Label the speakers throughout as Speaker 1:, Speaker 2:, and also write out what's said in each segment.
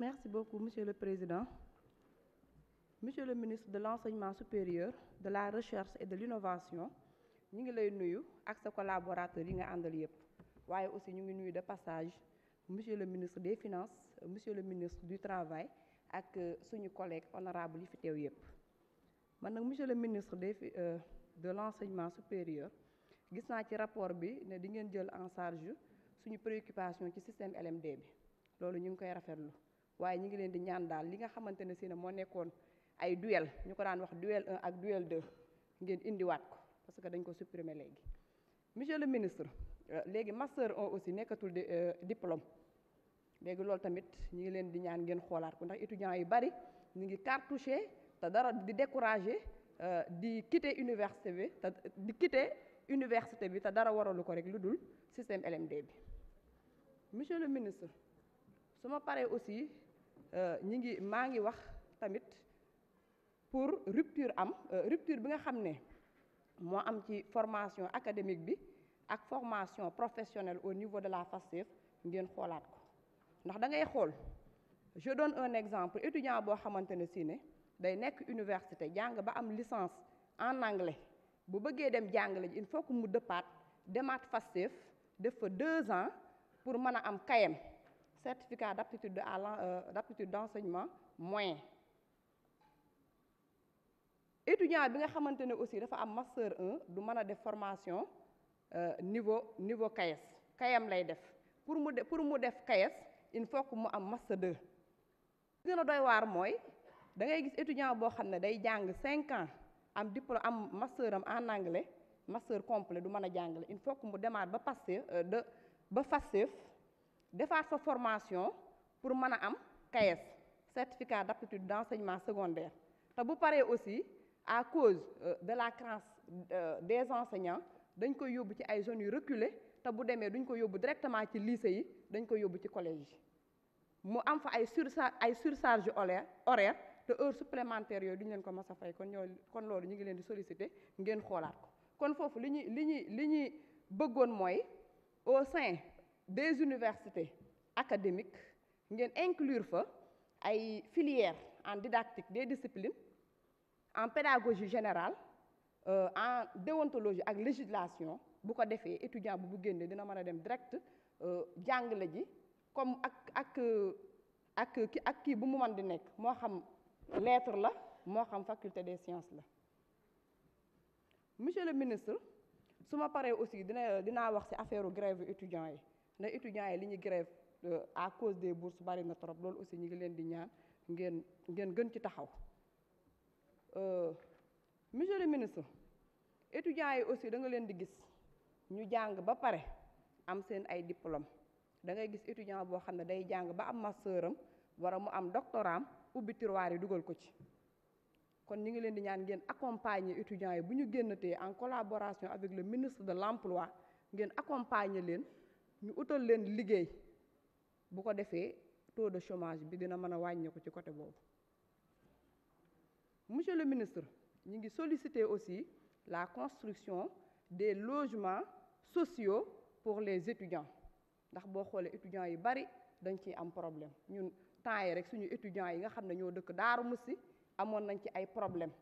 Speaker 1: Merci beaucoup, Monsieur le Président. Monsieur le ministre de l'Enseignement supérieur, de la Recherche et de l'Innovation, nous ngi lay nuyu ak sa collaborateur yi nga aussi M. de passage Monsieur le ministre des Finances, Monsieur le ministre du Travail et euh, suñu collègues honorables. yi Monsieur le ministre euh, de l'Enseignement supérieur gis naa ci rapport bi ne di ngeen en charge suñu préoccupation ci système LMD bi loolu ñu ngi koy waaye ñu ngi leen di ñaan daal li nga xamante ne si moo nekkoon ay duel ñu ko daan wax duel ak duel 2 ngeen indiwaat ko parce que dañ ko supprimer léegi. monsieur le ministre euh, léegi master 1 aussi nekkatul di euh, diplôme léegi loolu tamit ñu ngi leen di ñaan ngeen xoolaat ko ndax étudiants yu bari ñu ngi cartouché te dara di découragé euh, di quitter université bi te di université bi te dara waralu ko rek lu dul système LMD bi monsieur le ministre su ma paree aussi. Euh, ñi ngi maa ngi wax tamit pour rupture am euh, rupture bi nga xam ne moo am ci formation académique bi ak formation professionnelle au niveau de la FASTEF ngeen xoolaat ko ndax da ngay xool je donne un exemple étudiant boo xamante ne si ne day nekk université jàng ba am licence en anglais bu bëggee dem jàngale ji il faut que mu dëppaat demaat FASTEF def fa deux ans pour mën a am kayam certificat d'aptitude euh, d'enseignement moyen étudiant bi nga aussi dafa am master 1 du faire des def formation euh, niveau niveau CAES pour mu un pour mu def CAES il faut que mu am master 2 Ce a doy waar mooy da ngay étudiant boo xam day jàng 5 ans am diplôme am master en anglais master complet du il faut que mu démarre, ba euh, de ba defaat sa formation pour mën a am CAES certificat d'aptitude d'enseignement secondaire te bu paree aussi à cause euh, de la carence euh, des enseignants dañ koy yóbbu ci ay zones yu reculées te bu demee duñ ko yóbbu directement ci lycée yi dañ koy yóbbu ci collège yi mu am fa ay surcharge ay surcharge horaire horaire te heure supplémentaire yooyu duñ leen ko mas a fay kon ñoo kon loolu ñu ngi leen di solliciter ngeen xoolaat ko kon foofu li ñuy li ñuy li ñuy bëggoon mooy au sein des universités académiques ngeen inclure fa filières en didactique des disciplines en pédagogie générale euh, en déontologie en législation bu ko étudiants étudiant bu bu directement dina mën direct euh, comme ak ak ak ki ak kii bu mu man di nek mo xam lettre la mo xam faculté des sciences la monsieur le ministre suma ma aussi dina dina wax ci affaire grève étudiants na étudiants yi li ñu grève euh, à cause des bourses bari na trop lool aussi ñi ngi leen di ñaan ngeen ngeen gën ci taxaw euh, monsieur le ministre étudiants yi aussi da nga leen di gis ñu jàng ba pare am seen ay diplôme da ngay gis étudiant boo xam ne day jàng ba am master wara mu am doctorat ubbi tiroir yi dugal ko ci kon ñi ngi leen di ñaan ngeen accompagner étudiants yi bu ñu génnatee en collaboration avec le ministre de l'emploi ngeen accompagner leen ñu utal leen liggéey bu ko defee taux de chômage bi dina mën a wàññeeku ci côté boobu monsieur le ministre ñu ngi solliciter aussi la construction des logements sociaux pour les étudiants ndax boo xoolee étudiants yu bari dañ ciy am problème ñun temps yi rek suñu étudiants yi nga xam ne ñoo dëkk Daaru Musi amoon nañ ci ay problème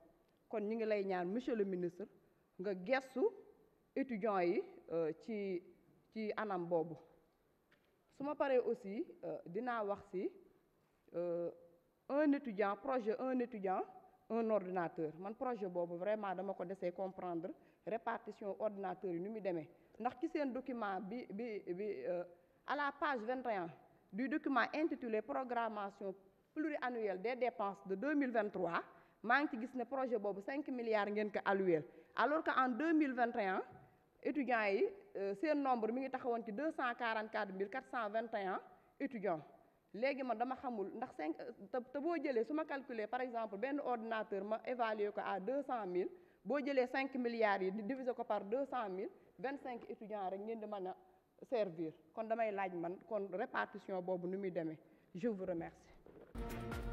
Speaker 1: kon ñu ngi lay ñaan monsieur le ministre nga gestu étudiants yi euh, ci ci anam bobu suma paré aussi aussi euh, Dina wax si euh, un étudiant projet un étudiant un ordinateur man projet bobu vraiment dama ko déssé comprendre répartition ordinateur yi ni muy demee ndax ci document bi bi euh, à la page 21 du document intitulé programmation pluriannuelle des dépenses de 2023 maa ci gis ne projet bobu 5 milliards ngén ko alloué alors qu'en 2021 étudiants euh, c'est un nombre 244 421 étudiants Si je calcule calculer par exemple ben ordinateur ma évaluer à 200 000 bo jëlé 5 milliards par 200 000 25 étudiants rek de servir répartition bobu je vous remercie